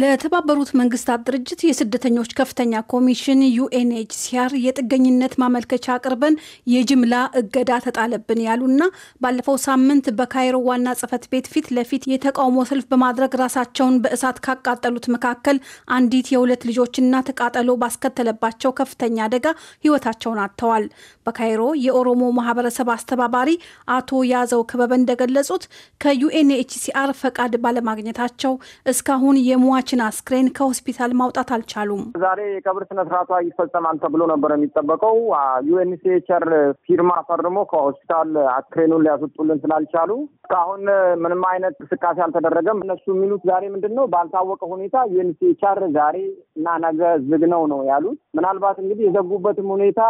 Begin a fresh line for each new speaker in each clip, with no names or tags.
ለተባበሩት መንግስታት ድርጅት የስደተኞች ከፍተኛ ኮሚሽን ዩኤንኤችሲአር የጥገኝነት ማመልከቻ አቅርበን የጅምላ እገዳ ተጣለብን ያሉና ባለፈው ሳምንት በካይሮ ዋና ጽህፈት ቤት ፊት ለፊት የተቃውሞ ሰልፍ በማድረግ ራሳቸውን በእሳት ካቃጠሉት መካከል አንዲት የሁለት ልጆች እናት ቃጠሎ ባስከተለባቸው ከፍተኛ አደጋ ህይወታቸውን አጥተዋል። በካይሮ የኦሮሞ ማህበረሰብ አስተባባሪ አቶ ያዘው ክበበ እንደገለጹት ከዩኤንኤችሲአር ፈቃድ ባለማግኘታቸው እስካሁን የሟች የሟቾችን አስክሬን ከሆስፒታል ማውጣት አልቻሉም።
ዛሬ የቀብር ስነስርዓቷ ይፈጸማል ተብሎ ነበር የሚጠበቀው። ዩኤንሲኤችአር ፊርማ ፈርሞ ከሆስፒታል አስክሬኑን ሊያስወጡልን ስላልቻሉ እስካሁን ምንም አይነት እንቅስቃሴ አልተደረገም። እነሱ የሚሉት ዛሬ ምንድን ነው ባልታወቀ ሁኔታ ዩኤንሲኤችአር ዛሬ እና ነገ ዝግ ነው ነው ያሉት። ምናልባት እንግዲህ የዘጉበትም ሁኔታ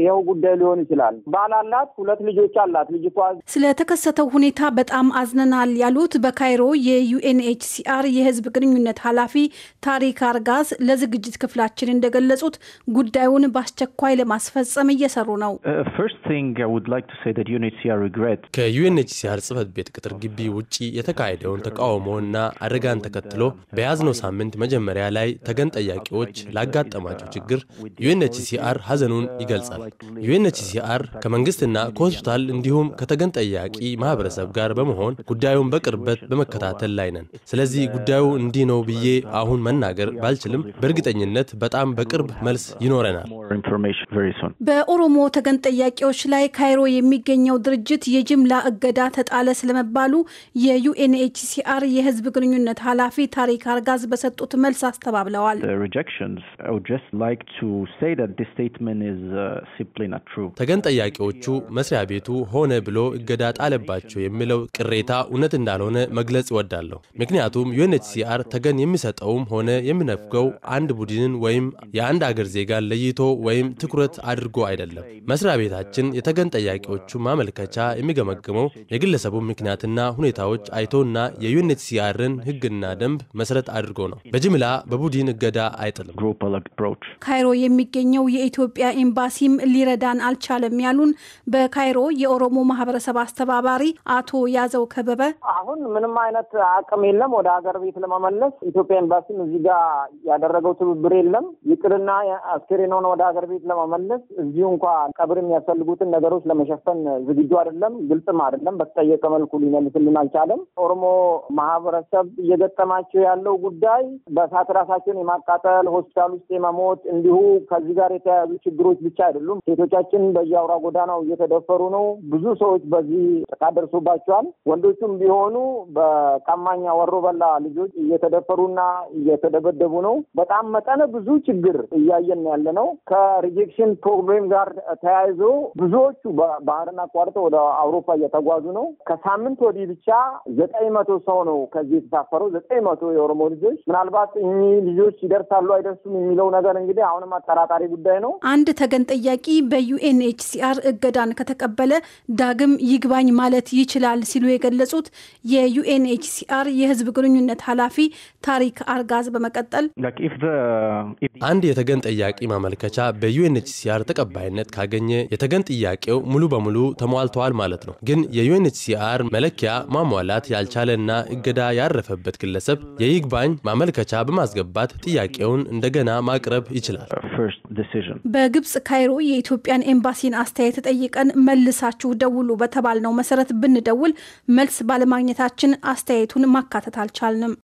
ይኸው ጉዳይ ሊሆን ይችላል። ባል አላት፣ ሁለት ልጆች አላት። ልጅቷ
ስለተከሰተው ሁኔታ በጣም አዝነናል ያሉት በካይሮ የዩኤንኤችሲአር የህዝብ ግንኙነት ኃላፊ ታሪክ አርጋዝ ለዝግጅት ክፍላችን እንደገለጹት ጉዳዩን በአስቸኳይ ለማስፈጸም እየሰሩ ነው።
uh, ከዩኤንኤችሲአር ጽህፈት ቤት ቅጥር ግቢ ውጪ የተካሄደውን ተቃውሞና አደጋን ተከትሎ በያዝነው ሳምንት መጀመሪያ ላይ ተገን ጠያቂዎች ላጋጠማቸው ችግር ዩኤንኤችሲአር ሀዘኑን ይገልጻል። ዩኤንኤችሲአር ከመንግስትና ከሆስፒታል እንዲሁም ከተገን ጠያቂ ማህበረሰብ ጋር በመሆን ጉዳዩን በቅርበት በመከታተል ላይ ነን። ስለዚህ ጉዳዩ እንዲህ ነው ብዬ አሁን መናገር ባልችልም በእርግጠኝነት በጣም በቅርብ መልስ ይኖረናል።
በኦሮሞ ተገን ጠያቂዎች ላይ ካይሮ የሚገኘው ድርጅት የጅምላ እገዳ ተጣለ ስለመባሉ የዩኤንኤችሲአር የህዝብ ግንኙነት ኃላፊ ታሪክ አርጋዝ በሰጡት መልስ አስተባብለዋል።
uh, ተገን ጠያቂዎቹ መስሪያ ቤቱ ሆነ ብሎ እገዳ ጣለባቸው የሚለው ቅሬታ እውነት እንዳልሆነ መግለጽ እወዳለሁ። ምክንያቱም ዩኤንኤችሲአር ተገን የሚሰጠውም ሆነ የሚነፍገው አንድ ቡድንን ወይም የአንድ አገር ዜጋን ለይቶ ወይም ትኩረት አድርጎ አይደለም። መስሪያ ቤታችን የተገን ጠያቂዎቹ ማመልከቻ የሚገመግመው የግለሰቡን ምክንያትና ሁኔታዎች አይቶና የዩኤንኤችሲአርን ሕግና ደንብ መሰረት አድርጎ ነው። በጅምላ በቡድን እገዳ አይጥልም።
ካይሮ የሚገኘው የኢትዮጵያ ኤምባሲም ሊረዳን አልቻለም ያሉን በካይሮ የኦሮሞ ማህበረሰብ አስተባባሪ አቶ ያዘው ከበበ አሁን
ምንም አይነት አቅም የለም ወደ ሀገር ቤት ለመመለስ የኢትዮጵያ ኤምባሲም እዚህ ጋር ያደረገው ትብብር የለም። ይቅርና አስክሬን ወደ ሀገር ቤት ለመመለስ እዚሁ እንኳ ቀብር የሚያስፈልጉትን ነገሮች ለመሸፈን ዝግጁ አይደለም፣ ግልጽም አይደለም። በተጠየቀ መልኩ ሊመልስልን አልቻለም። ኦሮሞ ማህበረሰብ እየገጠማቸው ያለው ጉዳይ በእሳት ራሳቸውን የማቃጠል ሆስፒታል ውስጥ የመሞት እንዲሁ ከዚህ ጋር የተያያዙ ችግሮች ብቻ አይደሉም። ሴቶቻችን በየአውራ ጎዳናው እየተደፈሩ ነው። ብዙ ሰዎች በዚህ ጥቃት ደርሶባቸዋል። ወንዶቹም ቢሆኑ በቀማኛ ወሮ በላ ልጆች እየተደፈሩ እየታሰሩና እየተደበደቡ ነው። በጣም መጠነ ብዙ ችግር እያየን ያለ ነው። ከሪጀክሽን ፕሮብሌም ጋር ተያይዞ ብዙዎቹ ባህርን አቋርጠው ወደ አውሮፓ እየተጓዙ ነው። ከሳምንት ወዲህ ብቻ ዘጠኝ መቶ ሰው ነው ከዚህ የተሳፈረው ዘጠኝ መቶ የኦሮሞ ልጆች። ምናልባት እኚህ ልጆች ይደርሳሉ አይደርሱም የሚለው ነገር እንግዲህ አሁንም አጠራጣሪ ጉዳይ ነው።
አንድ ተገን ጠያቂ በዩኤንኤችሲአር እገዳን ከተቀበለ ዳግም ይግባኝ ማለት ይችላል ሲሉ የገለጹት የዩኤንኤችሲአር የህዝብ ግንኙነት ኃላፊ ታሪክ አርጋዝ በመቀጠል
አንድ የተገን ጠያቂ ማመልከቻ በዩኤንኤችሲአር ተቀባይነት ካገኘ የተገን ጥያቄው ሙሉ በሙሉ ተሟልተዋል ማለት ነው። ግን የዩኤንኤችሲአር መለኪያ ማሟላት ያልቻለና እገዳ ያረፈበት ግለሰብ የይግባኝ ማመልከቻ በማስገባት ጥያቄውን እንደገና ማቅረብ ይችላል።
በግብፅ ካይሮ የኢትዮጵያን ኤምባሲን አስተያየት ጠይቀን መልሳችሁ ደውሉ በተባልነው መሰረት ብንደውል መልስ ባለማግኘታችን አስተያየቱን ማካተት አልቻልንም።